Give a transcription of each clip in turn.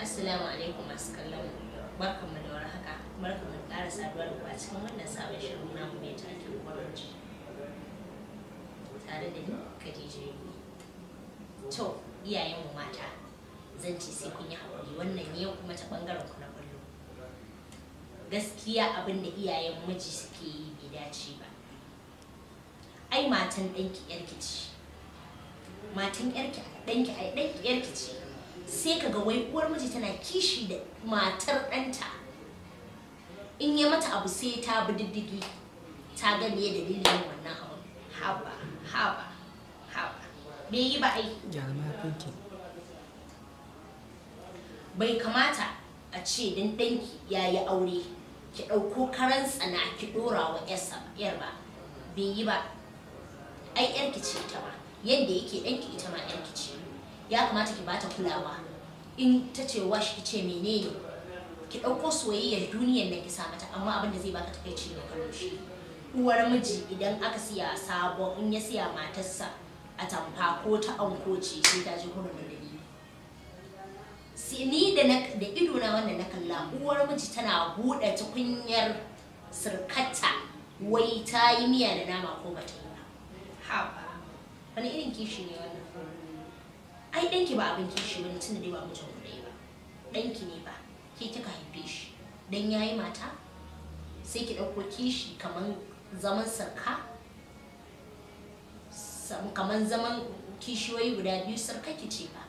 Assalamu alaikum masu kallon mu da warhaka barkanmu da ƙara saduwa da a cikin wannan sabon shirin mu mai taken gwamnati tare da ni Khadija Yemi. To mu mata zan ce sai kun yi haƙuri wannan yau kuma ta ɓangaren ku na kullu. Gaskiya abin da iyayen miji suke yi bai dace ba. Ai matan ɗanki ƴarki ce. Matan ƴarki ɗanki ai ɗanki ƴarki ce. sai ka ga wai uwar miji tana kishi da matar ɗanta in ya mata abu sai ta bi diddigi ta ga me dalilin wannan abu haba haba haba bai yi ba ai bai kamata a ce dan danki ya yi aure ki ɗauko karan tsana ki ɗora wa yar ba bai yi ba ai yarki ce ita ba yadda yake danki ita ma yarki ce ya kamata ki bata kulawa in ta ce wash ki ce menene ki ɗauko soyayyar duniyar nan ki samata, mata amma abin da zai baka takaici ne karo shi uwar miji idan aka siya sabon in ya siya matarsa a tamfa ko ta anko ce sai ta ji hurun da ni da da ido na wanda na kalla uwar miji tana buɗe tukunyar sirkata wai ta yi miya da nama ko bata yi ba wani irin kishi ne wannan ɗanki ba abin kishi wani tunda ba mijin kuɗi ɗaya ba ɗanki ne ba ke kika haife shi dan yayi mata sai ki ɗauko kishi kaman zaman sarka kaman zaman kishiyoyi guda biyu sarka ki ce ba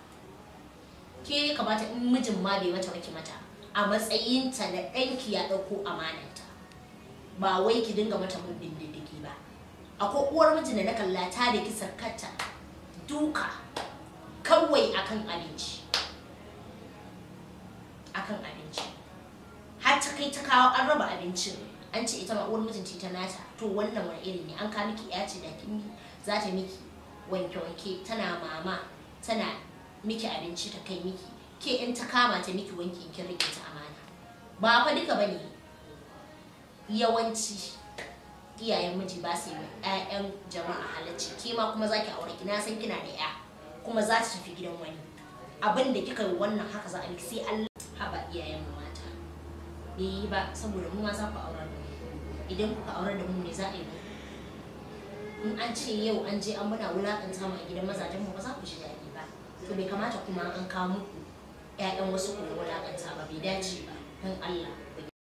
ke kamata in mijin ma bai mata waki mata a matsayinta da ɗanki ya ɗauko amananta ba wai ki dinga mata mun ba akwai uwar mijin da na kallata da ki sarkarta duka kawai akan abinci akan abinci har ta kai ta kawo an raba abincin an ce ita ma uwar mijinci ta nata to wannan wani irin ne an ka miki ya ce da kin za ta miki wanke-wanke tana mama tana miki abinci ta kai miki ke in ta kama ta miki wanki kin rike ta amana ba fa duka bane yawanci iyayen miji ba su yi ƴaƴan jama'a halacci ke ma kuma zaki aure kina san kina da ƴa. kuma za su fi gidan wani abin da kika yi wannan haka za a yi sai Allah haba iyayen mu mata bai yi ba saboda mu ma za ku aurar da mu idan kuka aurar da mu ne za a yi in an ce yau an je an muna wulakanta mu a gidan mazajen mu ba za ku ji daɗi ba to bai kamata kuma an kawo muku yayan wasu ku wulakanta ba bai dace ba don Allah